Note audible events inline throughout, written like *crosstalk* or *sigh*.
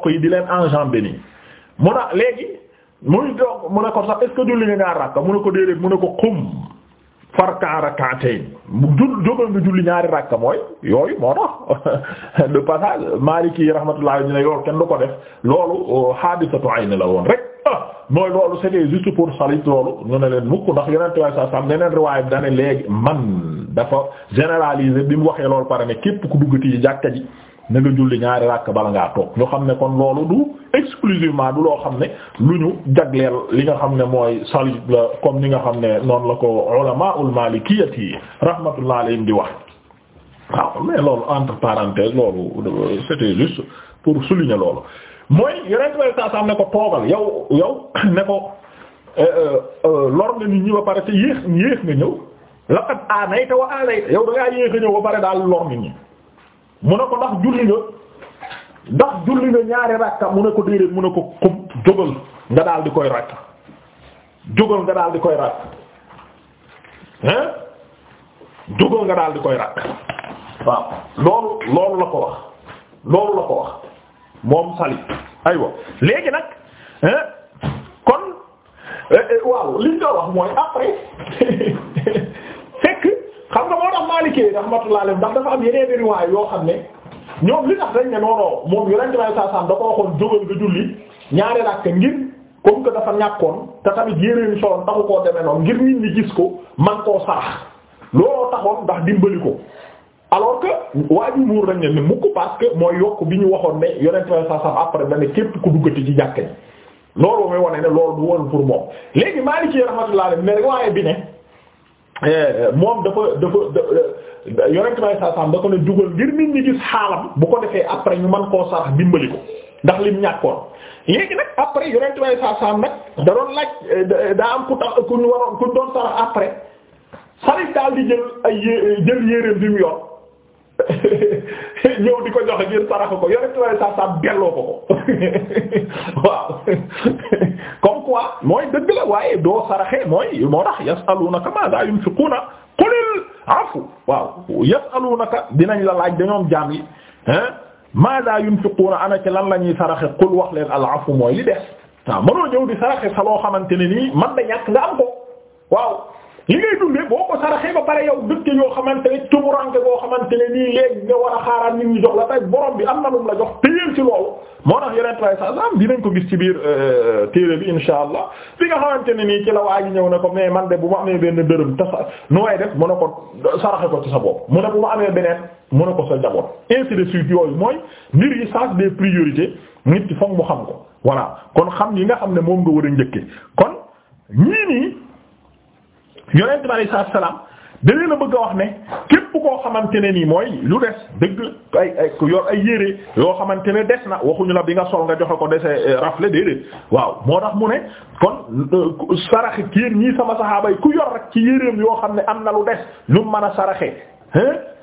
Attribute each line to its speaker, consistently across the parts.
Speaker 1: mboq di leen enjambe nii mu na léegi muy doog mu ne ko sax est julli nga ñaar rakka mu ne ko déedéet mu ne ko xum farkan rakkaatey mu jul jógal nga julli ñaari rakka mooy yooyu moo tax *laughs* de passage Maliki yi rahmatullah ñu ne yoolu kenn du ko def loolu hadisatu oh, ayn la woon rek ah, mooy loolu c'était juste pour salit loolu ñu ne leen mukk ndax yonente waaye sa sam neneen riwaayé bi dane léegi man dafa généraliser bi mu waxee loolu pare ne képp ku duggati yi jàkka ji na nga julli ñaari ràkk bala ngaa toog ñu xam ne kon loolu du exclusivement du loo xam ne lu ñu jagleel li nga xam ne mooy salib la comme ni nga xam ne noonu la ko ulamaul malikiyati rahmatullah alayhim di wax waaw mais loolu entre parenthèses loolu c'était juste pour souligner loolu mooy yeneen way saa ne ko toogal yow yow *coughs* ne ko euh, euh, euh, lor nga nit ñi ba pare te yéex yéex nga ñëw laqad aanayta wa aanayta yow da yéex a ñëw ba pare daal lor nit ñi mu ne ko ndax julli nga ndax julli nga ñaari rakka mu ne ko déedéet mu ne ko xum jógal nga daal di koy rakk jógal nga daal di koy rakk hein jógal nga daal di koy rakk waaw loolu loolu la ko wax loolu la ko wax moom sali aywa léegi nag hein kon eh, eh, waaw liñ doon wax mooy après *laughs* xam nga moo tax Maalikee yi rahmatullah alayhi ndax dafa am yeneen riwaay yoo xam ne ñoom li tax dañ ne noonu moom yonent bi saa da ko waxoon jógal nga julli ñaari rakk ngir comme que dafa ñàkkoon te tamit yéreenu soloon taxu koo demee noonu ngir nit ñi gis ko man koo sarax looloo taxoon ndax dimbali ko alors que waa ji ni mukk parce que mooy yokk bi ñu waxoon ne yonent bi saa saam après da ne képp ku duggati ci jàkk ji loolu mooy wane ne loolu du woon pour moom léegi Maalikee rahmatullah alayhi ne riwaay bi ne Eh, moom dafa dafa yonent may saasaam da ko ne jugal ngir nit ñi gis xaalam bu ko defee après ñu man koo sarax dimbali ko ndax lim ñàkkoon léegi nag après yonent may saasaam nag da doon laaj eh, daa am ku tax ku ñu waroon ku ñu doon sarax après sarax daal di jël ay jël yéreem bi mu yor *laughs* ñëw di ko joxe ngir sarax ko yore tubaab sax sax delloo ko ko *laughs* waaw *laughs* comme quoi mooy dëgg la waaye doo saraxe mooy moo tax yasalunaka maza yunfiquna qulil afu waaw yasalunaka dinañ la laaj dañoom jaam yi ah maza yunfiquna ana ci lan la ñuy saraxe qul wax leen al afu mooy li des waaw mënoo ñëw di saraxe sa xamante ni nii man da ñàkk nga am ko waaw. li ngay dundee boo ko saraxee ba pare yow dëkk yoo xamante ne tumuranke boo xamante ne nii léegi nga war a xaaraan nit ñu jox la tay borom bi am na lum la jox téyeel ci loolu moo tax yeneen tray sa sam ko gis ci biir euh, téere bi insha allah li nga xamante ne nii ci la waa ji ñëw ne ko mais man de bu ma amee benn dërëm te sa nu way def mu ne ko saraxe ko ci sa bopp mu ne bu ma amee beneen mu ne ko sa njaboot ainsi de suite yooyu mooy mbir yi sens des priorités nit ki foog mu xam ko voilà kon xam yi nga xam ne moom nga war a njëkke kon yonent bi alayhi salaam da na bëgg a wax ne képp koo xamante ne nii mooy lu des dëgg ay ay yor ay yére yoo xamante ne des na waxuñu la bi nga sol nga joxe ko dese eh, rafle déedéet waaw moo tax mu ne kon euh, saraxe ki ñii sama saxaaba yi ku yor rek ci yéreem yoo xam ne am na lu des ñu mën a saraxe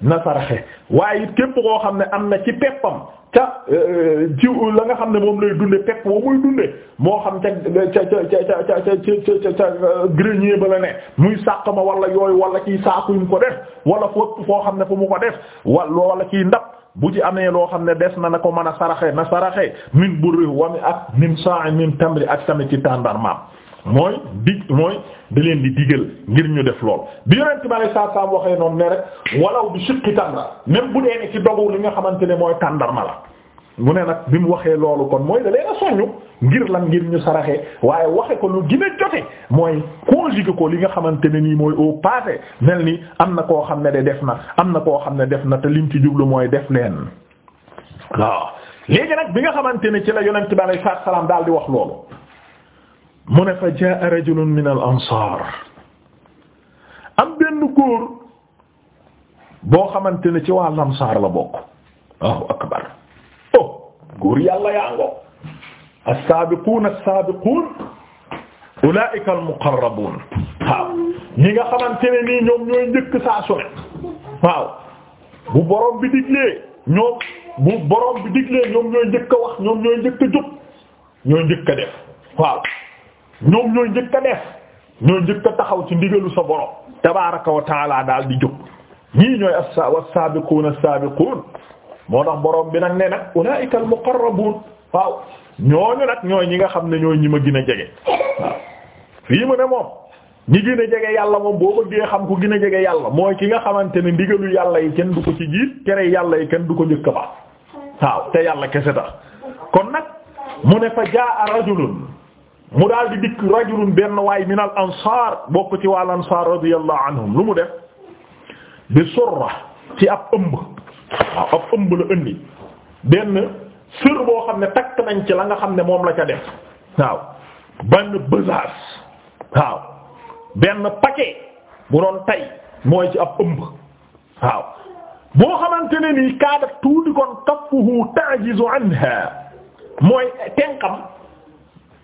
Speaker 1: na saraxe waaye it képp koo xam ne am na ci peppam ca jiw la nga xam ne moom lay dunde pepp ba muy dunde moo xam ca ca ca ca ca ca ca grenier ba la ne muy sàq ma wala yooyu wala ciy saaku yu mu ko def wala foofu foo xam ne fu mu ko def wala wala ciy ndab bu ci amee loo xam ne des na na ko mën a saraxe na saraxe min wa wami ak min sa'i min tamri ak tamit ci tàndarmaam mooy dig mooy di leen di digal ngir ñu def lool bi yonent bale saa saa waxee noonu ne rek walaw bi siqi tàndar même bu dee ne ci dogu li nga xamante ne mooy tàndarma la mu ne nag bi mu waxee loolu kon mooy da leen a soññu ngir lan ngir ñu saraxee waaye waxe ko lu gën a jote mooy conjugué ko li nga xamante ne nii mooy au passé mel nii am na koo xam ne de def na am na koo xam ne def na te lim ci jublu mooy def leen waaw léegi nag bi nga xamante ne ci la yonent bi alayhi salaam daal di wax loolu mu ne fa jaa rajulun min al ansaar am benn góor boo xamante ne ci waa lansaar la bokk waaw akbar oh góor yàlla yaa ngoo as-saabiquun as-saabiquun ulaa'ika al-muqarrabuun waaw ñi nga xamante ne nii ñoom ñooy njëkk saa su ne waaw bu borom bi diglee ñoom bu borom bi diglee ñoom ñooy njëkk a wax ñoom ñooy njëkk a jóg ñooy njëkk a def waaw ñoom ñooy njëkk a def ñooy njëkk taxaw ci ndigalu sa borom tabaaraka wa taala daal di jóg ñii ñooy as was-saabiquun as-saabiquun moo tax borom bi nag nee nag ulaa'ika al-muqarrabuun waaw ñooñu nag ñooy ñi nga xam ne ñooy ñi ma gin a jege waaw fii mu ne moom ñi gën a jege yàlla moom boo bëggee xam ku gin a jege yàlla mooy ki nga xamante ne ndigalu yàlla yi kenn du ko ci jiit tere yàlla yi kenn du ko njëkk ba waaw te yàlla kese tax kon nag mu ne fa mu daal di dikk rajulun benn waay min al ansaar bokk ci wàll ansaar radiyallahu anhum lu mu def bi surra ci ab ëmb waaw ab ëmb la indi benn sër boo xam ne takk nañ ci la nga xam ne moom la ca def waaw benn besace waaw benn paquet bu doon tay mooy ci ab ëmb waaw boo xamante ne nii kaada tuuti kon kaffuhu ta'jizu anha mooy tenkam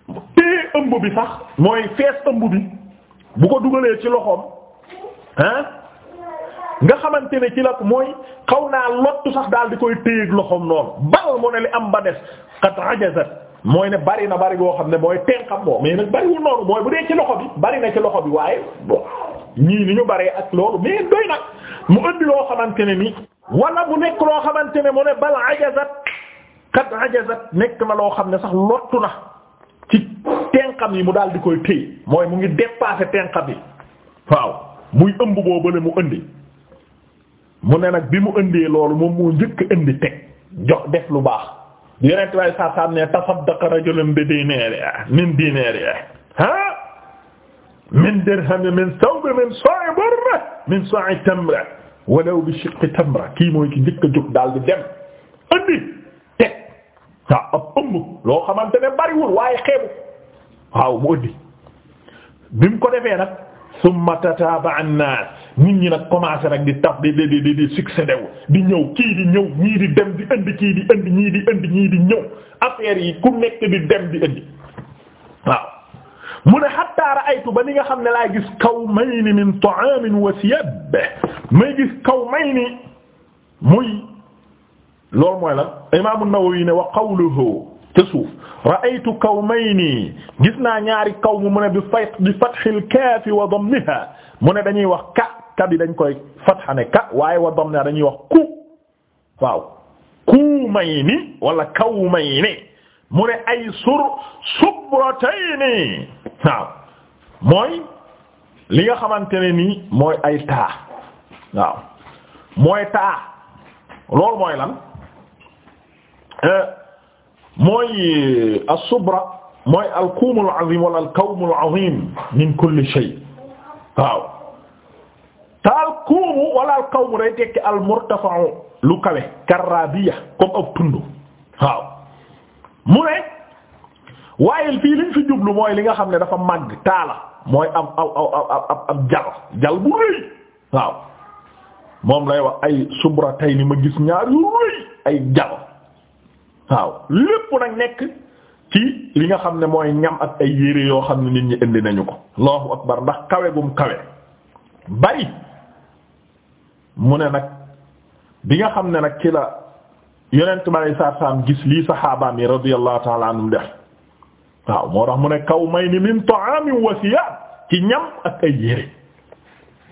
Speaker 1: téye ëmb bi sax mooy fees ëmb bi bu ko dugalee ci loxoom ah nga xamante ne ci la mooy xaw naa lottu sax daal di koy téyeeg loxoom noonu bal mu ne li am ba des qad mooy ne bari na bari boo xam ne mooy tenxam boo mais bariwul noonu mooy bu dee ci loxo bi bari na ci loxo bi waaye bon ñii ni ñu baree ak loolu mais doy nag mu ëndi loo xamante ne ni wala bu nekk loo xamante ne mu ne bal ajazat qad ajazat nekk na loo xam ne sax lottu na ci tenqam yi mu daal di koy téye mooy mu ngi dépasser tenqam yi waaw muy ëmb boobale mu indi mu ne nag bi mu indee loolu moom moo njëkk indi teg jox def lu baax yonent waaye saa saa ne tasaddaqa rajulun bi dinaari min dinaari ah min dirham min sawb min sa'i barra min sa'i tamra walaw bi shiqqi tamra kii mooy ki njëkk a jóg dem indi waaw ab ëmb loo xamante ne bariwul waaye xeebu waaw mu ëddi bi mu ko defee nag summa tataaba annaas nit ñi nag commencé nag di tax di di di di succédé wu di ñëw kii di ñëw ñii di dem di indi kii di indi ñii di indi ñii di ñëw affaire yi ku nekk di dem di indi waaw mu ne hatta ra'aytu ba ni nga xam ne laa gis kawmayni min ta'aamin wa siyab may gis kawmayni muy loolu mooy lan imaam an-Nawawi ne wa qawluhu te suuf ra'aytu kawmayni gis naa ñaari kaw mu ne bi fay bi fathil kaaf wa dammiha mu ne dañuy wax ka ka bi dañ koy fatha ne ka waaye wa dammiha dañuy wax ku waaw kumayni wala kawmayni mu ne ay sur subratayni waaw mooy li nga xamante ne nii mooy ay taa waaw mooy taa loolu mooy lan. mooy euh, as-subra mooy al-kuum al-azim wala al kuum al al-murtafa lu kawe karrabiya comme ab tund waaw mu ne waaye fii liñ fi jublu mooy li nga xam ne dafa màgg taala mooy am aw aw jal jal moom lay wax ay subratayni ma gis ñaar yu ay jal waaw lépp nag nekk ci li nga xam ne mooy ñam ak ay yére yoo xam ne nit ñi indi nañu ko allahu akbar ndax kawe gum kawe bari mu ne nag bi nga xam ne nag ci la yonent ma saa saam gis lii saxaabaam yi radiyallahu ta'ala anhum def waaw moo tax mu ne kaw may ni min ta'amin wa ci ñam ak ay yére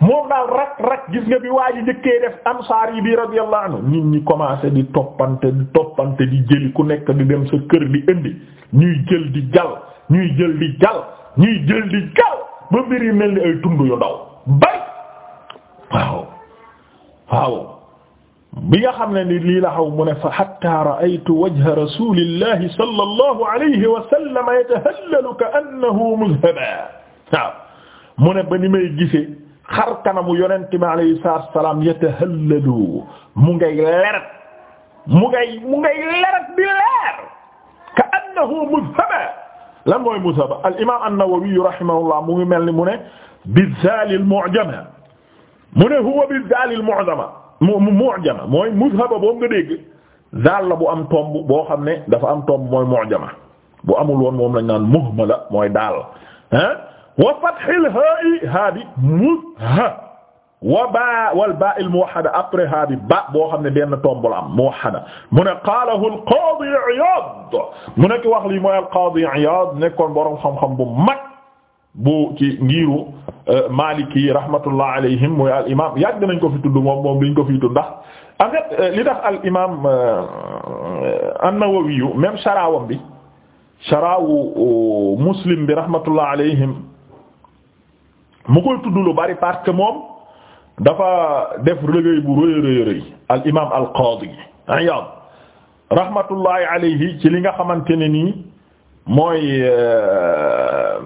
Speaker 1: moom daal rak rak gis nga bi waa ji njëkkee def ansaar bi radiyallahu anhu nit ñi commencé di toppante di toppante di jëli ku nekk di dem sa kër di indi ñuy jël di jal ñuy jël di jal ñuy jël di jal ba mbir mel ni ay tund yu ndaw bay waaw waaw bi nga xam ne ni lii la xaw mu ne fa hatta ra'aytu wajha rasulillahi sallallahu alayhi wa sallam yatahallalu ka annahu mu ne ba ni may gisee xar kanamu yonent bi alayhi salaam yatahalladu mu ngay lerat mu ngay mu ngay lerat bi leer ka annahu muzhaba lan mooy muzhaba al imaam an-Nawawi rahimahullah mu ngi mel ni mu ne bizaali al-mu'jama mu ne huwa bizaali al-mu'jama mu'jama mooy muzhaba boobu nga dégg daal la bu am tomb boo xam ne dafa am tomb mooy mu'jama bu amul woon moom lañ naan muhmala mooy daal ah wa fathil haa'i haa bi mu ha wa baa wal baa il muwahhada après haa bi ba boo xam ne benn tombol am muwahhada mu ne qaalahu al qaadi Iyaad mu nekk wax lii mooy al qaadi Iyaad nekkoon boroom xam-xam bu mag bu ci ngiru euh, Maliki rahmatullah alayhim mooy al imaam yàgg nañ ko fi tudd moom moom liñ ko fi tudd ndax en fait euh, li tax al imaam euh, an-Nawawi même saraawam bi saraawu Muslim bi rahmatullah alayhim mu koy tudd lu bari parce que moom dafa def rëgëy bu rëy rëy rëy al imaam al qaadi Iyaad ci li nga xamante ne nii mooy euh,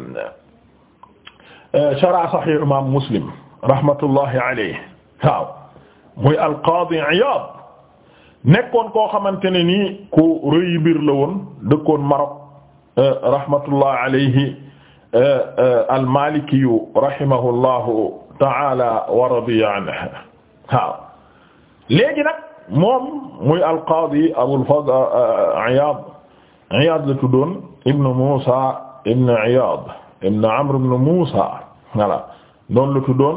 Speaker 1: euh, sharh Sahih imaam Muslim rahmatullahi alayhi waaw muy al qaadi Iyaad nekkoon koo xamante ne nii ku rëy mbir la woon dëkkoon Marok euh, rahmatullahi alayhi Euh, euh, almalikiyu rahimahullahu taala wa radiya anhu waaw léegi nag moom muy alqaadi Abul Fadl euh, Iyaad Iyaad la tuddoon Ibn Moussa Ibn Iyaad Ibn Amr Ibn Moussa voilà noonu la tuddoon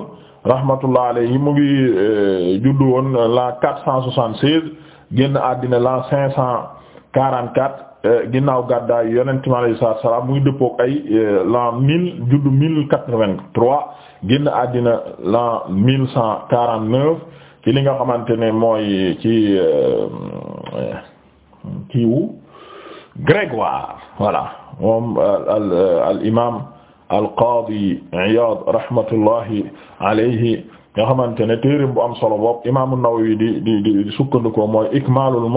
Speaker 1: rahmatullah alayhi mu ngi juddu woon la 476 génn àddina la 544. Eh, ginnaaw gàddaay yonent mi alayhi salaatu wa salaam ay eh, l'an mil juddu mille quatre-vingt-trois génn àddina l'an mil cent quarante-neuf ci li nga xamante ne mooy ci eh, kiiwu Grégoire voilà moom al al imaam al qaadi Iyaad rahmatullahi alayhi xamante ne téereem bu am solo bopp imaam An-Nawawi di di di sukkandikoo mooy Ikmaalul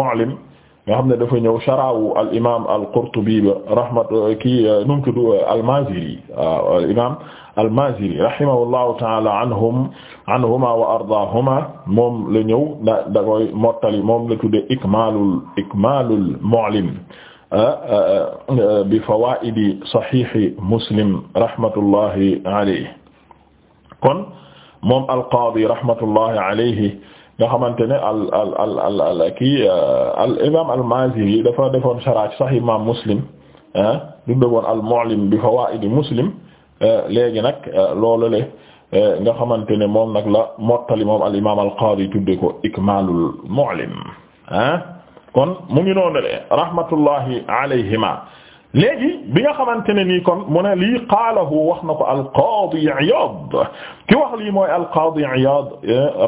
Speaker 1: nga xam ne dafa ñëw sharaawu al imaam al qurtubi bi rahmat kii nu mu tudd al maziri al imaam al maziri rahimahullahu taala anhum anhuma wa ardaahuma moom la ñëw da da koy mottali moom la tuddee ikmaalul ikmaalul mu'lim ah, ah, ah, bi fawaa'idi saxiixi muslim rahmatullahi alayhi kon moom al qaadi rahmatullahi alayhi nga xamante ne al al al al kii euh, al imam al Maziri dafa defoon sharh Sahih imam Muslim ah dundee woon al Mu'lim bi fawaa'id Muslim euh, léegi nag euh, loolu le nga xamante ne moom nag la mottali moom al imam al Qadi tuddee ko Ikmalul Mu'lim ah kon mu ngi noonu de rahmatullahi léegi bi nga xamante ne nii kon mu ne lii qaalahu wax na ko alqaadi Iyaad ki wax lii mooy alqaadi Iyaad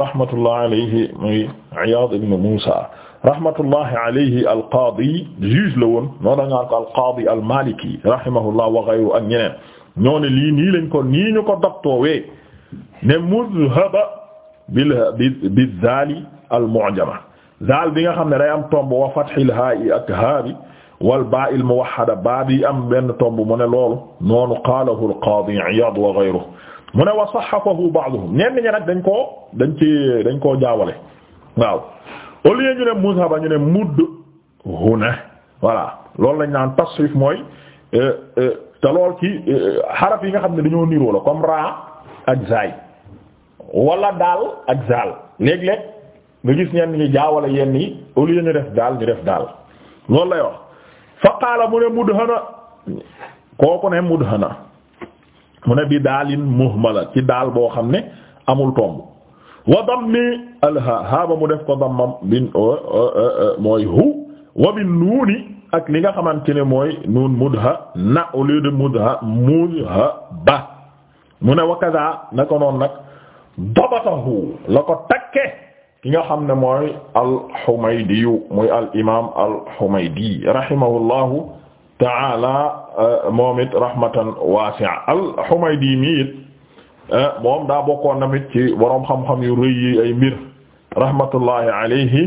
Speaker 1: rahmatullahi alayhi muy Iyaad ibn Muusa rahmatullahi alayhi alqaadi juge la woon noonu la nga ko alqaadi almaliki rahimahullah wa ghayru ak ñeneen ñoo ne lii nii lañ ko nii ñu ko daptoowee ne muzhaba bil bi zaali almu'jama zaal bi nga xam ne day am tomb wa fathil haa ak haa bi wal baa il muwahhada baa bi am benn tomb mu ne loolu noonu qaalahu al qaadi Iyaad wa ghayruhu mu ne wa sahhafahu ba'duhum ñenn ñi nag dañ koo dañ ci dañ koo jaawale waaw au lieu ñu ne muzhaba ñu mudd huna voilà loolu lañ naan tasrif mooy euh, euh, te lool ci euh, xaraf yi nga xam ne dañoo niroo la comme raa ak zaay wala daal ak zaal léeg-léeg nga gis ñenn ñi jaawale yenn yi au lieu ñu def daal ñu daal loolu lay wax fa qaala mu ne mudhana kooku ne mudhana mu ne bi daalin muhmala ci daal boo xam ne amul tomb wa dammi alha haaba mu def ko dammam bin mooy hu wa bi nuuni ak li nga xamante ne mooy nuun mudha na au lieu mudha mudha ba mu ne wakada na ko noon nag dabatahu la ko tag ki nga xam ne mooy al-Humaydi muy al-imaam al-Humaydi rahimahullahu ta'ala euh, moom it rahmatan waasi'a al-Humaydi mi it euh, moom daa bokkoon tamit ci boroom xam-xam yu rëy yi ay mbir rahmatullahi alayhi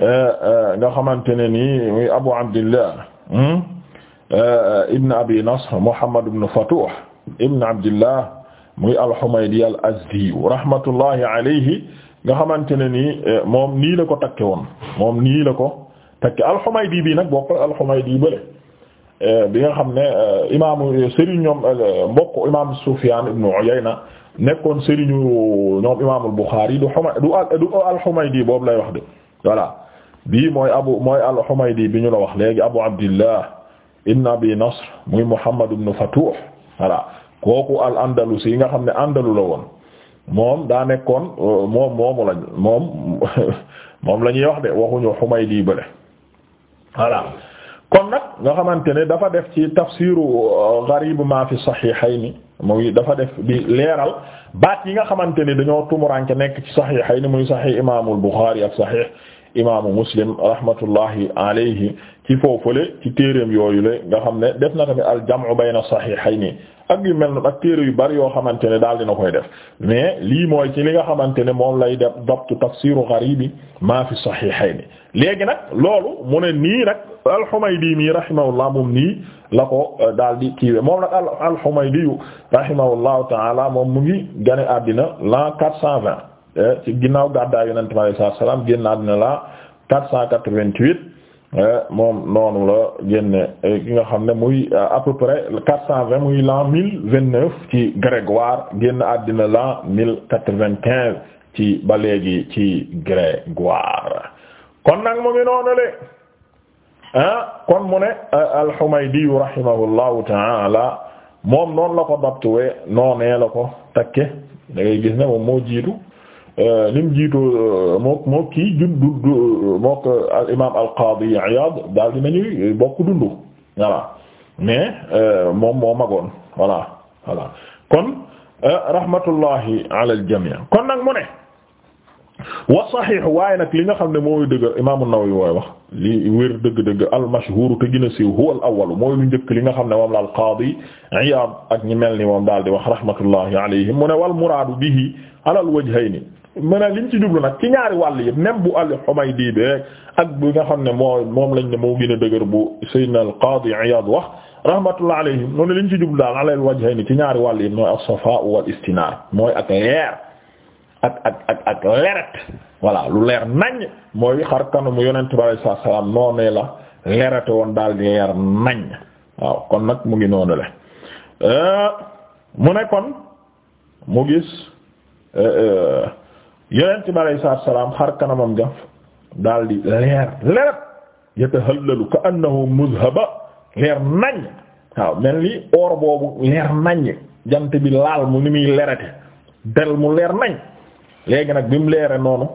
Speaker 1: euh, nga xamante ne nii muy Abu Abdillah hmm? ibn Abi Nasr Muhammad ibn Fatuh ibn Abdillah muy al-Humaydi al-Azdi rahmatullahi alayhi nga xamante ne nii eh, moom nii la ko takke woon moom nii la ko takke al-Humaydi bii nag bokk al-Humaydi bële eh, bi nga xam ne eh, imaamu Serigne ñoom mbokk imaamu Sufyaan ibnu Uyayna nekkoon Serigne ñoom imaamul Buxaari du du du al-Humaydi boobu lay wax de voilà bii mooy abu mooy al-Humaydi bi ñu la wax léegi Abu Abdillah ibn Abi Nasr muy Muhammad ibn Fatuh voilà kooku al-Andalusi yi nga xam ne Andalu la woon. moom daa nekkoon euh, moom moomu lañ *laughs* la ñuy wax de waxuñu Humaydi bële voilà kon nag nga xamante ne dafa def ci tafsiru euh, gharib ma fi sahihayni muy dafa def bi leeral baat yi nga xamante ni dañoo tumuranke nekk ci sahihayni muy sahih imaamul Bukhari ak sahih imaamu Muslim rahmatullahi alayhi ci foofule ci téereem yooyu la nga xam ne def na tamit al jam'u bayna sahihayni ak yu mel noonu ak téere yu bari yoo xamante ne daal dina koy def mais lii mooy ci li nga xamante ne moom lay def dabtu tafsiru gharibi maa fi sahihayn léegi nag loolu mu ne nii nag al-Humaydi mii rahimahullah moom nii la ko euh, daal di kiiwee moom nag al-Humaydi yu rahimahullahu taala moom mu ngi gane àddina l'an quatre cent vingt euh, ci ginnaaw gàddaay Yonent bi sallallahu alayhi wasallam génn àddina la quatre cent quatre-vingt-huit Eh, moom noonu la génne eh, ki nga xam ne muy eh, à peu près quatre cent vingt muy l'an mille vingt neuf ci Grégoire génn àddina l'an mille quatre-vingt-quinze ci ba léegi ci Grégoire kon nag mu ngi noonu le ah kon mu ne al-Humaydi rahimahullahu ta'ala moom noonu la ko daptuwee noonee la ko takke da ngay gis ne moom moo jiitu Euh, ni mu jiitu euh, mook mook kii jun du mook euh, al imaam al qaadi Iyaad daal dinañuy bokk moom moo magoon voilà kon rahmatullahi ala al jamii kon nag mu ne wa saxiix waaye nag li nga xam ne mooy dëgg imaam an-Nawawi wooy wax li wér dëgg-dëgg al-mashhuur te gën a siiw huwa al-awwal mooy lu li nga xam ne moom la al-Qaadi Iyaad ak ñi mel ni moom daal di wax rahmatullahi alayhim mu ne wal muraadu bihi ala al mën a liñ ci jublu nag ci ñaari wàll yëpp même bu al Humaydi bi rek ak bi nga xam ne moo moom lañ ne moo gën a dëgër bu Sayyidina al Qadi Iyad wax wàll yëpp mooy as-safa wal istinaar ak ak lu leer nañ mooy xar bi alayhi salaam noonee la lerate woon daal di leer nañ kon nag mu ngi noonu euh, mu ne kon mu gis. Euh, euh, yonent bi alayhi salaam xar kanamam jaf daal di leer leer yatahallalu ka annahu muzhaba leer nañ waaw mel ni or boobu leer nañ jant bi laal mu ni muy lerate del mu leer nañ léegi nag bi mu leere noonu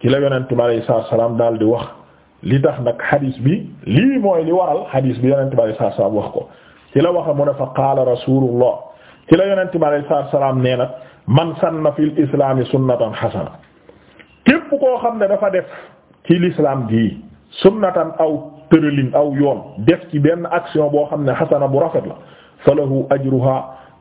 Speaker 1: ci la yonent bi alayhi salaatu salaam daal di wax li tax nag xadiis bi lii mooy li waral xadiis bi yonent bi alayhi salaam wax ko ci la waxe mu ne fa qaala rasulullah ci la yonent bi alayhi salaatu salaam nee nag man sanna fil islaami sunnatan xasana képp koo xam ne dafa def ci l'islam gii sunnatan aw tëralin aw yoon def ci benn action boo xam ne xasana bu rafet la falahu ajruha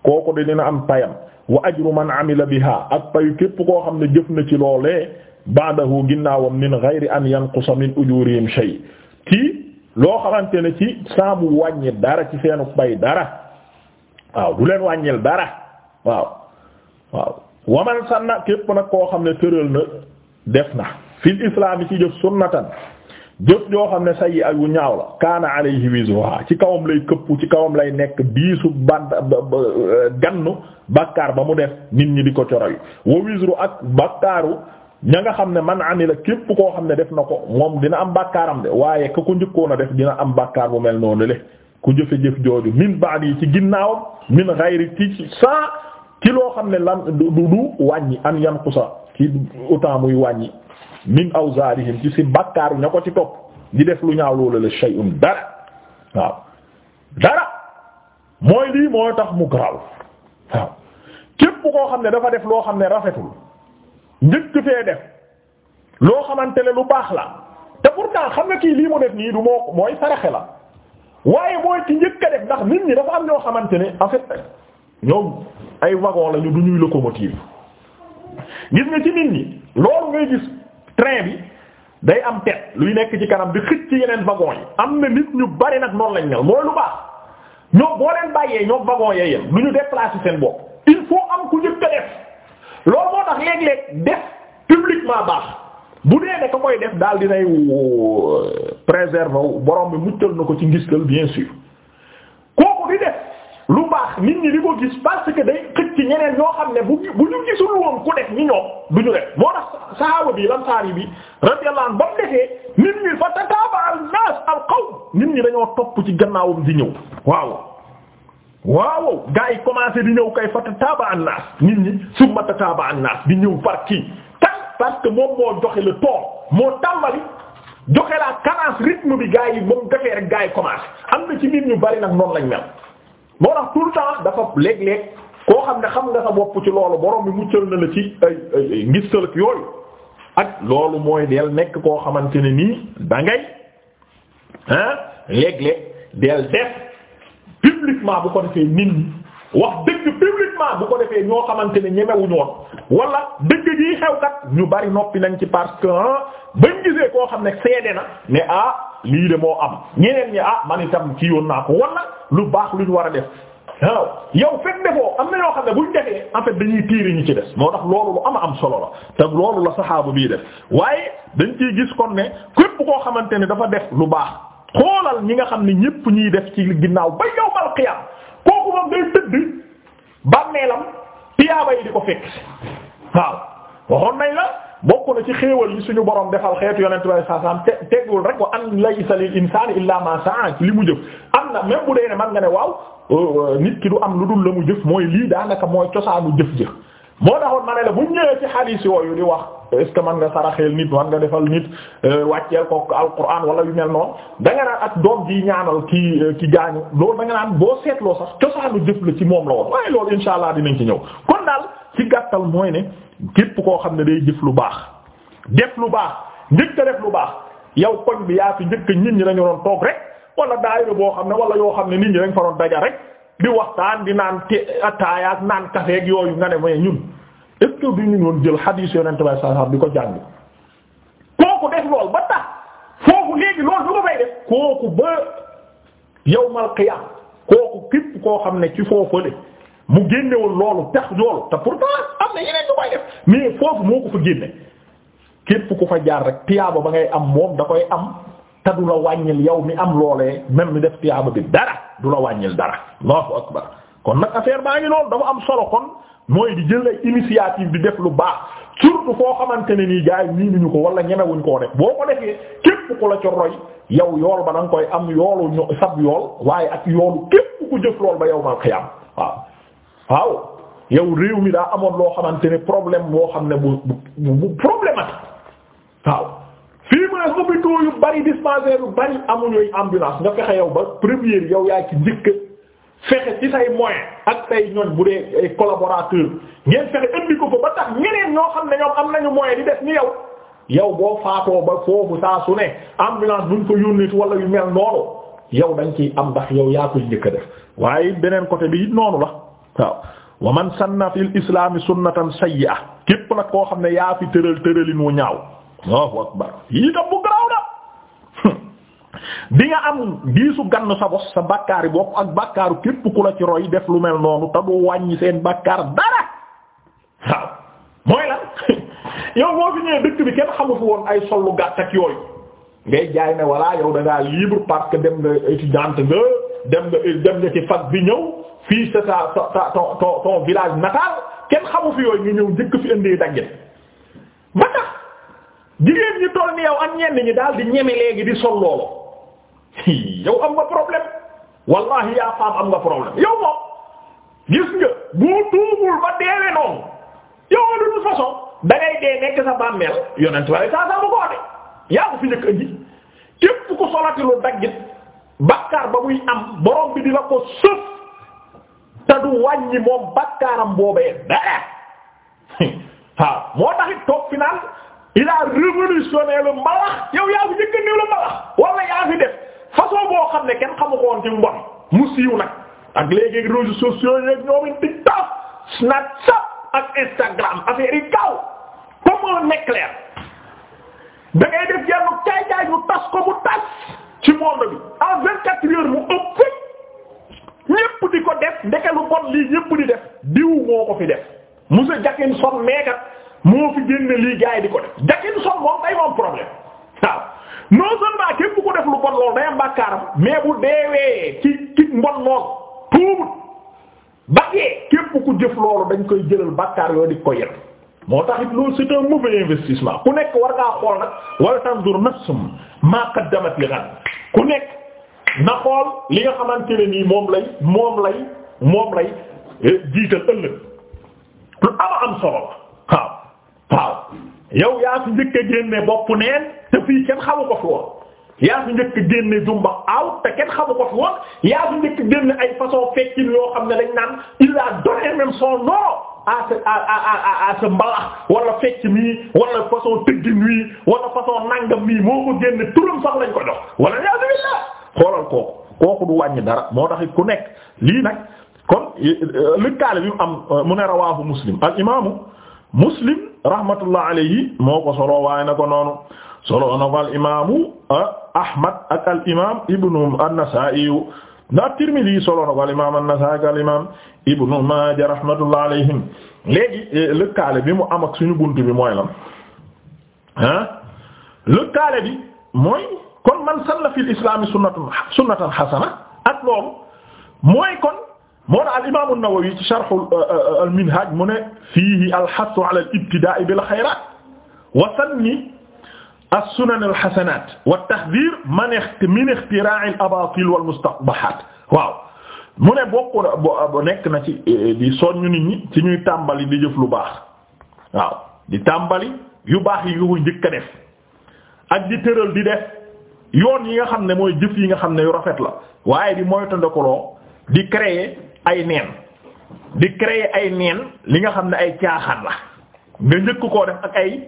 Speaker 1: kooku de dina am payam wa ajru man amila biha ak payu képp koo xam ne jëf na ci loolee ba'dahu ginnaawam min ghayri an yanqusa min ujurihim shay ci loo xamante ne ci saabu wàññi dara ci seenu pay dara waaw du leen wàññil dara waaw waaw waman sanna képp nag koo xam ne tëral na def na fil islam yi ci jëf sunnatan jëf joo xam ne say sayyi ay wu ñaaw la kaana alayhi wizruha ci kawam lay këpp ci kawam lay nekk diisu bant gannu bàkkaar ba mu def nit ñi di ko coroy wa wizru ak bàkkaaru ña nga xam ne man la képp koo xam ne def na ko moom dina am bàkkaaram de waaye ka ko njëkkoon def dina am bàkkaar bu mel noonu le ku jëfe jëf jooju min baad yi ci ginnaawam min ci loo xam ne lan du du wàññi an yan kusa ci autant muy wàññi min awzarihim ci si bakkaaru ña ko ci topp di def lu ñaaw loolu la shay'un dara waaw dara mooy lii moo tax mu graw waaw képp koo xam ne dafa def loo xam ne rafetul njëkk fee def loo xamante ne lu baax la te pourtant xam nga kii lii mu def nii du moo mooy saraxe la waaye mooy ci njëkk a def ndax nit ñi dafa am ñoo xamante ne en fait ñoo ay wagon lañu du ñuy locomotive gis nga ci nit ñi loolu ngay gis train bi day am tet luy nekk ci kanam di xëcc ci yeneen wagon yi am na nit ñu bari nag noonu lañ mel mooy lu baax ñoom boo leen bàyyee ñoom wagon yee yem du ñu déplacer seen bopp il faut am ku njëkk a def loolu moo tax léeg-léeg def publiquement baax bu dee ne ka koy def daal dinay euh, préserver borom bi muccal na ko ci ngistal bien sûr kooku di def lu baax nit ñi di ko gis parce day xëcc ñeneen ñoo xam ne bu bu ñu gisul woon ku def ñi ñoom du ñu def moo tax sahaaba bi lamsaar yi bi radiyallahu anhu ba mu defee nit ñi fa al nas al qawm nit ñi dañoo topp ci gannaawam di ñëw waaw waaw gaa yi commencé di ñëw kay fa tataaba an nit ñi summa tataaba an di ñëw par kii kan parce que moom moo joxe le ton moo tàmbali joxe la cadence rythme bi gaa yi moom defee rek gaa yi commencé am na ci nit ñu bari nag noonu lañ mel moo tax tout le temps dafa léeg-léeg koo xam ne xam nga sa bopp ci loolu borom bi muccal na la ci ay ay yooyu ak loolu mooy del nekk koo xamante ne nii da ngay ah léeg-léeg del def publiquement bu ko defee nit ñi wax dëgg publiquement bu ko defee ñoo xamante ne ñemewu ñoon dëgg ji xew kat ñu bari noppi nañ ci parce que bañ gisee koo xam ne seede na ne ah. lii de moo am ñeneen ñi ah man itam ci yoon naa ko wala lu baax lu war a def waaw yow fekk defoo am na ñoo xam ne buñ defee en fait dañuy tiiri ci des moo tax loolu lu ama am solo la te loolu la saxaabu bii def waaye dañ ciy gis kon ne képp koo xamante ne dafa def lu baax xoolal ñi nga xam ne ñépp ñuy def ci ginnaaw ba yawmal qiyaam kooku moom day tëdd bàmmeelam tiyaaba yi di ko fekk waaw waxoon nañ la. bokk na ci xéewal yi suñu borom defal xeetu yonent way saasaam te teggul rek wa an laysa lil insani illa ma sa'a li mu jëf am na même bu dee ne man nga ne waaw euh, nit ki du am lu dul la mu jëf mooy lii daanaka mooy cosaanu jëf-jëf moo taxoon ma ne la bu ñëwee ci xadiis yooyu di man nga saraxeel nit man nga defal nit euh, wàcceel ko alquran wala yu mel noonu da nga naan ak doom ji ñaanal ki euh, ki gaañu loolu da nga naan boo seetloo sax cosaanu jëf la ci moom la woon waaye loolu insha allah dinañ ci ñëw kon daal ci gàttal mooy ne képp koo xam ne day jëf lu baax def lu baax njëkk def lu baax yow koñ bi yaa fi njëkk nit ñi dañu doon toog rek wala daayira boo xam ne wala yoo xam ne nit ñi dañ fa doon daja rek di waxtaan di naan te ataaya ak naan café yooyu nga ne mooy ñun est-ce que du ñu doon jël xadiis Yonent bi sallallahu di ko jàng kooku def lool ba tax foofu léegi loolu du ko fay def kooku ba yawmal qiyaam kooku képp koo xam ne ci foofale mu génnewul loolu tex loolu te pourtant am na yeneen ñu koy def mais foofu moo ko fa génne képp ku fa jaar rek tiyaaba ba ngay am moom da koy am te du la wàññil yow mi am loolee même mi def tiyaaba bi dara du la wàññil dara Allahu akbar kon nag affaire baa ngi noonu dafa am solo kon mooy di jël ay initiative di def lu baax surtout foo xamante ne nii gars yi nii ñu ko wala ñemewuñ koo def boo ko nekkee képp ku la ci roy yow yool ba da nga koy am yoolu sab yool ak yoolu képp ku jëf lool ba yow mal xiyam waaw yow réew mi daa amoon loo xamante ne problème boo xam ne bu bu problématique waaw fii mu ne hôpitaux yu bari dispensaires yu bari amuñuy ambulance nga fexe yow ba première yow yaa ci njëkk fexe ci say moyen ak say ñoñ bu dee ay collaborateur ngeen fexe indi ko fa ba tax ñeneen ñoo xam ne ñoom am nañu moyen yow yow boo ba foofu saa su ne ambulance buñ ko yónnit wala yu mel noonu yow dañ ciy am ndax yow yaa koy njëkk def waaye beneen côté bi it noonu la. waaw wa man sanna fil islaami sunnatan sayyi'a képp nag koo xam ne yaa fi tëral tëralin wu ñaaw Allahu akbar *laughs* nga am diisu gann sa bos sa bàkkaari bopp ak bàkkaaru képp ku la ci roy def lu mel noonu te du wàññi seen bàkkaar dara waaw mooy lan *laughs* yow boo fi ñëwee dëkk bi kenn xamu fi woon ay sollu gàtt ak yooyu ngay jaay ne voilà yow da ngaa libre parce que dem nga étudiante nga dem nga dem nga ci fac bi ñëw fii sa sa sa ton ton ton village natal kenn xamu fi yooyu ñu ñëw njëkk fi indee daggit ba tax jigéen ñi ni yow daal di ñeme léegi di sol loolu *laughs* yow am nga problème wallahi yaa faam am nga problème yow moom gis nga boo tuubul ba deewee noonu yow de toute façon da dee nekk sa bàmmeel yonent waaye saa saa ma ko waxee yaa ko fi njëkk indi képp ku solati lu daggit bakkaar ba muy am borom bi di la ko sëf. te du wàññi moom bakkaaram boobee dara *laughs* waaw moo taxit toog final il a révolutionné le mbalax yow yi fi njëkk néew la mbalax wala yaa fi def façon boo xam ne kenn xamu ko woon mu siiw nag ak léegi réseaux sociaux yeeg ñoom it TikTok Snapchat ak Instagram affaire kaw comme un éclair da ngay def yenn caay-caay mu tas ko mu tas ci monde bi en quatre heures mu ëpp. ñépp di ko def ndeke lu bon lii ñépp di def diw moo ko fi def monsieur Dickinson meekat moo fi génne lii gars yi di ko def Dickinson moom day moom problème waaw non seulement képp ko def lu bon loolu day am bàkkaaram mais bu deewee ci ci mbon lool tuubut bakkee képp ku jëf loolu dañ koy jëlal bàkkaar yooyu di ko yel moo tax it loolu c'est un mauvais investissement ku nekk war ngaa xool nag wala tanzur nafsum ma qaddamat li ghad ku nekk na xool li nga xamante ne nii moom lay moom lay moom lay eh, jiital ëllëg lu ama am solo la waaw waaw yow yaa fi njëkk a génne bopp neen te fii kenn xamu ko fi woon yaa fi njëkk a génne jumba ay façon fekkin yoo xam ne dañ naan il a donné même son nom à sa à à sa mbalax wala fecc mii wala façon tëggin wii wala façon nangam mii moo ko génne turam sax lañ ko jox wala yaa fi xoolal kooku kooku du wàññi dara moo tax ku nekk lii nag kon euh, lëkkaale bi mu am euh, mu ne rawaahu muslim al imaamu muslim rahmatullah alayhi moo ko solo waaye na ko noonu solo na ko al euh, ahmad ak al ibnu an-Nasaa'i na Tirmidhi solo na ko al imaam an-Nasaa'i ibnu Maaja rahmatullah alayhim léegi lëkkaale bi mu am ak suñu bunt bi mooy lan ah lëkkaale bi mooy. kon man sanna fil islaami sunnatun sunnatan hasana ak loolu mooy kon moo na al imaamu Nawawi ci sharh euh, euh, al minhaj mu ne fiihi al hassu ala al ibtidaa'i bil xayraat wa sanni as sunan al hasanaat wa tahdhiir min ixtiraa'i al abaatil wal mustaqbahaat waaw mu ne bokk na nekk na ci eh, di soññu nit ñi ci ñuy tàmbali di jëf lu baax waaw di tàmbali yu baax yi nga ko njëkk a def ak di tëral di def. yoon yi nga xam ne mooy jëf yi nga xam ne yu rafet la waaye bi di moytandikuloo di créer ay neen di créer ay neen li nga xam ne ay caaxaan la nga njëkk koo def ak ay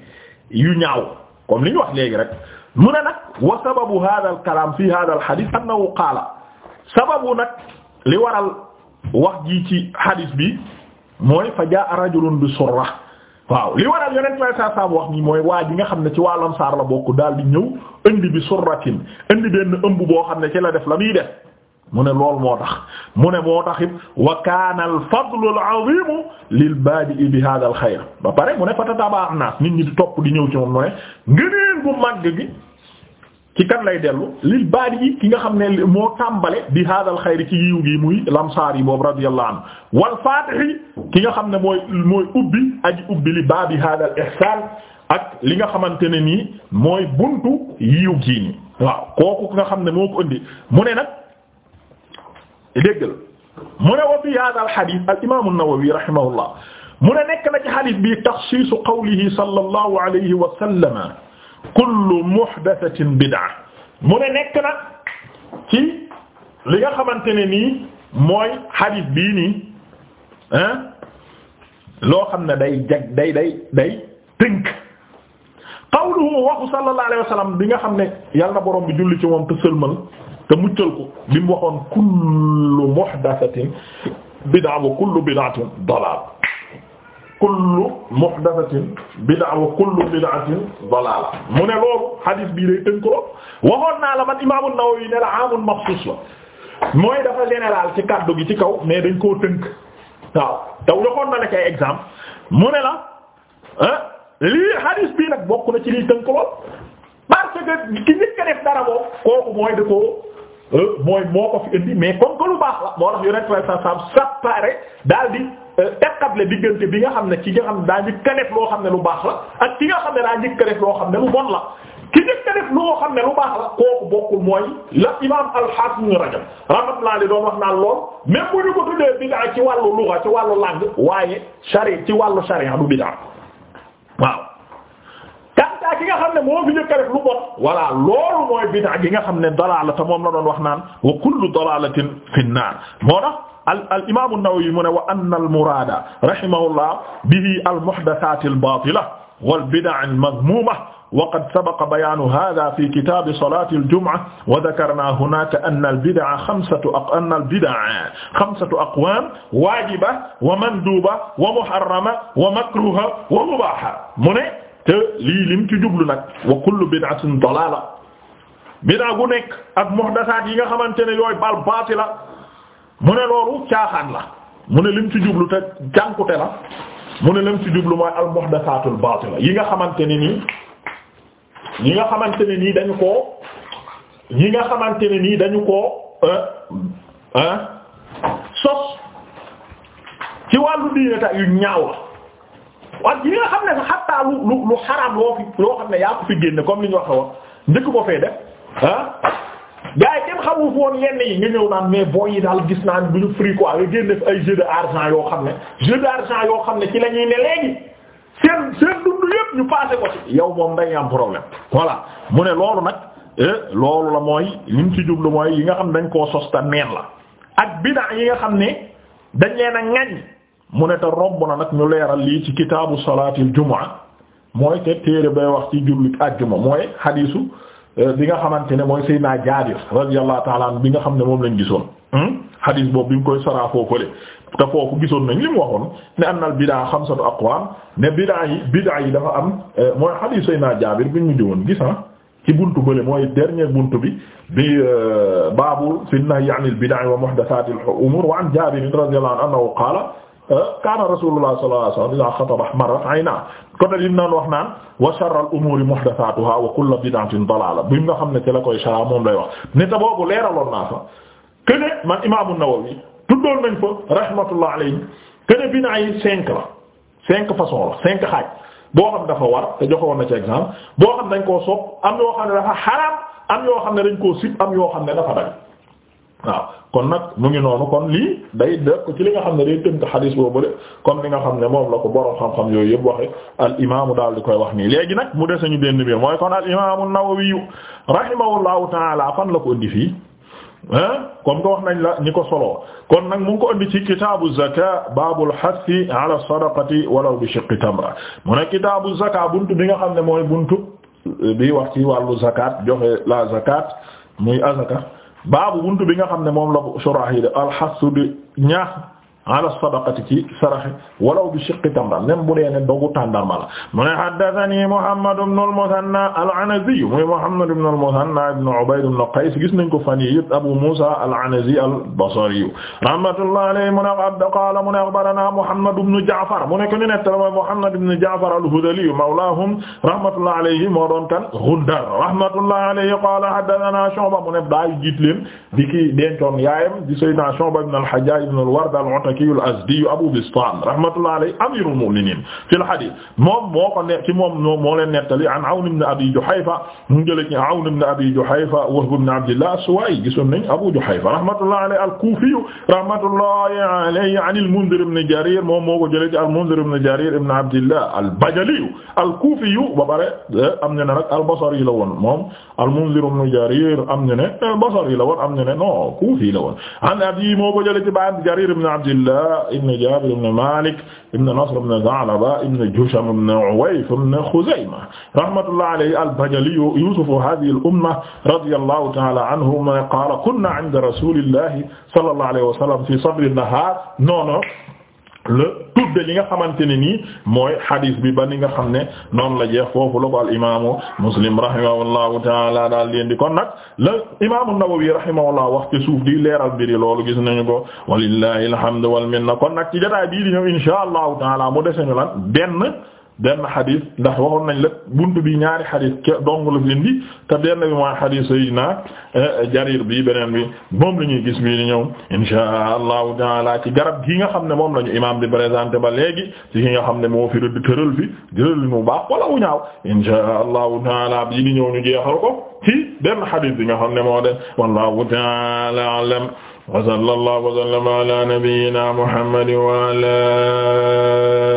Speaker 1: yu ñaaw comme li ñu wax léegi rek mu ne nag wa sababu hada al kalam fi hada al hadith annahu qaala sababu nag li waral wax gi ci hadith bi mooy fa jaa rajulun bi surra waaw li waral yonent lay saa saam wax nii mooy waa ji nga xam ne ci wàllum saar la bokk daal di ñëw ënd bi surratin indi benn ëmb boo xam ne ci la def la muy def mu ne lool moo tax mu ne moo tax wa kaana al fadlu al azimu lil baadi'i bi hadha al xayr ba pare mu ne fa tatabaa naas nit ñi di topp di ñëw ci moom mu ne ngëneel bu màgg gi ci kan lay dellu lil baari yi ki nga xam ne moo tàmbale bi haadal xayri ci yiw gi muy lamsaar yi boobu radiyallahu anhu wal ki nga xam ne mooy ubbi aji ubbi li baabi haadal ihsaan ak li nga xamante ne nii mooy buntu yiw gii nii waaw kooku nga xam ne moo ko indi mu ne nag déggal mu ne wa fi haadal xadiis al imaamu Nawawi rahimahullah mu ne nekk na ci xadiis bi taxsiisu qawlihi sallallahu alayhi wa sallam kullu muhdathatin bid'a mu ne nekk na ci li nga xamante ne nii mooy xadis bii nii ah loo xam ne day jag day day day tënk qawluhu waxu sallallahu alayhi wa sallam bi nga xam ne yàlla na borom bi julli ci moom te sëlmal te muccal ko bi mu waxoon kullu muhdathatin bid'a wa kullu bid'atin dalal kullu muhdathatin bid'a wa kullu bid'atin dalaala mu ne loolu hadith bii day tënk ko waxoon naa la man imaam an-Nawawi ne la amul maxsuus la mooy dafa général ci kaddu gi ci kaw mais dañ koo tënk waaw taw joxoon na la kay exemple mu ne la ah lii hadith bii nag bokk na ci liy tënk lool parce que ki njëkk a def dara boobu kooku mooy da ko Euh, mooy moo ko fi indi mais comme que lu baax la moo tax yonent sallallahu alayhi wasallam séparé daal di euh, teqable diggante bi nga xam ne ci nga xam ne daa njëkk a loo xam ne lu baax la ak ci xam ne daa njëkk xam ne lu bon la ki njëkk a loo xam ne lu baax la kooku bokkul mooy la imaam al-Hafiz ibn Rajab naa li doon wax naan lool même bu ñu ko tuddee bid'a ci wàllu lugha ci wàllu langue waaye sharia ci wàllu sharia du bid'a waaw ki nga xam ne moo fi njëkk a def lu bon voilà loolu mooy bid'a gi nga xam ne dalaala te moom la doon wax naan wa kullu dalalatin fi nnaar moo tax al al imaamu an-Nawawi mu ne wa anna al-muraada rahimahullah bihi al-muhdathaati al-baatila wal bid'a al-madhmuuma wa qad sabaqa bayaanu haaza fi kitaabi salaati al-jumu'a wa dhakarnaa hunaaka anna al-bid'a khamsatu anna al-bid'a khamsatu aqwaam waajiba wa manduuba wa muharrama wa makruha wa mubaaha mu ne te lii lim ci jublu nag wa kullu bid'atin dalaala bid'a gu nekk ak muhdathaat yi nga xamante ne yooyu bal baatila mu ne loolu caaxaan la mu ne lim ci jublu te jànkute la mu ne lim ci jublu mooy al muhdathaatul baatila yi nga xamante ne nii yi nga xamante ne nii dañu ko yi nga xamante ne nii dañu koo euh, euh, sos ci wàllu diine ta yu ñaaw la ak yi nga xam ne xattaa lu lu lu xaraam loo fi loo xam ne yaa ko fi génne comme li ñu waxe woon njëkk ko fee def ah gars yi kenn xamu fi woon yenn yi nga ñëw naan mais booy yi daal gis naa ne du ñu free quoi nga génne fi ay jeu d'argent yoo xam ne jeu d'argent yoo xam ne ci la ñuy ne léegi seen seen dund yépp ñu passé ko ci yow moom dañuy am problème voilà mu ne loolu nag eh, loolu la mooy li mu ci jublu mooy yi nga xam ne dañ koo sosta neen la ak bida yi nga xam ne dañ leen a mu ne te romb na nag ñu leeral lii ci kitaabu salaatil jumaa mooy te téere bay wax ci jullit àjjuma mooy xadiisu euh, bi nga xamante ne mooy Seydina Jaabir radiyallahu ta'ala bi nga xam ne moom lañ gisoon hmm? xadiis boobu bi nga koy saraa foofale te foofu gisoon nañ li mu waxoon ne am na bidaa xamsatu aqwaam ne bidaa yi bidaa yi dafa am euh, mooy xadiis Seydina Jaabir bi ñu jëwoon gis ah ci buntu bële mooy dernier bunt bi bi euh, baabul fi nahyi anil bid'a wa muhdathatil umuur wa an Jaabir radiyallahu anhu qaala kaana rasulullah sallallahu alayhi wasallam iza xataba ahmarat aynaa côté lim naan wax naan wa sharral umuuri muhdathaatuhaa wa kullu bid'atin dalaala bi nga xam ne ci la koy shara moom lay wax ne Nawawi tuddoon nañ rahmatullah alayhi kene bid'a yi cinq la cinq façon la cinq boo xam dafa war te joxoon na ci exemple boo xam dañ koo sopp am yoo xam dafa ne dañ koo sib am yoo xam ne dafa dañ waaw kon nag mu ngi noonu kon lii day def ko ci li nga xam ne day tënk xadis boobu de comme li nga xam ne moom la ko borom xam-xam yooyu yëpp waxe al imaamu daal di koy wax nii léegi nag mu dese ñu benn biir mooy kon al imaamu Nawawi rahimahullahu taala fan la ko di fii ah comme que wax nañ la ñi ko soloo kon nag mu ngi ko indi ci kitaabu zaka baabul hasi ala sadaqati walaw bi shiqqi tamra mu ne kitaabu zaka buntu bi nga xam ne mooy buntu bi wax ci wàllu zakat joxe la muy azaka baabu buntu bi nga xam ne moom la bu surah yi de alxasudi ñaax ala sadaqati ci saraxe walaw bi shiqqi tamra même bu dee ne dogu tàndarma la mu ne haddathani Muhammad ibn al-Muthanna al-Anazi muy Muhammad ibn al-Muthanna ibn Ubayd ibn Qays gis nañ ko fan yii Abu Musa al-Anazi al-Basri rahmatullahi alayhi mu ne qala mu ne akhbarana Muhammad ibn Ja'far mu ne ko ñu nettali mooy Muhammad ibn Ja'far al-Hudhali mawlahum rahmatullahi alayhi moo doon kan Ghundar rahmatullahi alayhi qala haddathana Shu'ba mu ne daay jiit leen di ki dencoon yaayam di sayyidina Shu'ba ibn al-Hajjaj ibn al-Ward al-Makkiyu al-Azdiyu Abu Bistam rahmatullahi alayhi amirul mu'minin fil hadith moom moo ko ne ci moom moo leen nettali an Awn ibn Abi Juhayfa mu jële ci Awn ibn Abi Juhayfa Wahb ibn Abdillah Suway gisoon nañ Abu Juhayfa rahmatullahi alayhi al-Kufiyu rahmatullahi alayhi an al-Mundhir ibn Jarir moom moo ko jële ci al-Mundhir ibn Jarir ibn Abdillah al-Bajaliyu al-Kufiyu ba pare eh, am na ne nag al-Basri la woon moom al-Mundhir ibn Jarir am na ne al-Basri eh, la woon am na ne non Kufi la woon an abi moo ko jële ci Jarir ibn Abdillah Abdillah ibn Jabir ibn Malik ibn Nasr ibn Tha'laba ibn Jusham ibn Uwayf ibn Khuzayma rahmatullahi alayhi al-Bajali Yusuf hadhihi al-umma radiyallahu ta'ala anhu qala kunna 'inda rasulillahi sallallahu alayhi wa sallam fi sadri an-nahar la tudde li nga xamante ne nii mooy hadith bi ba ni nga xam ne noonu la jeex foofu la ko al imaamu muslim rahimahullahu taala daal leen di kon nag la imaamu nawawi rahimahullah wax ci suuf di leeral mbiri loolu gis nañu ko walillahi alhamdu wal minna kon nag ci jotaay bii di ñëw insha allahu taala mu dese ñu lan benn benn xadis ndax waxoon nañ la buntu bi ñaari xadis ke dong la fi indi te benn bi mooy xadis Sayyidina eh, bi beneen bi moom la ñuy gis bii di ñëw inshaa allahu taala ci garab gi nga xam ne moom la ñu imaam di présenté ba ci ki nga xam ne moo fi rëdd tëral fi jëral li mu baax wala wu ñaaw inshaa allahu taala bii di ñëw ñu jeexal ko ci benn xadis bi nga xam ne moo de wallahu taala a'lam wa sallallahu wa sallama ala nabiyyina Muhammad wa ala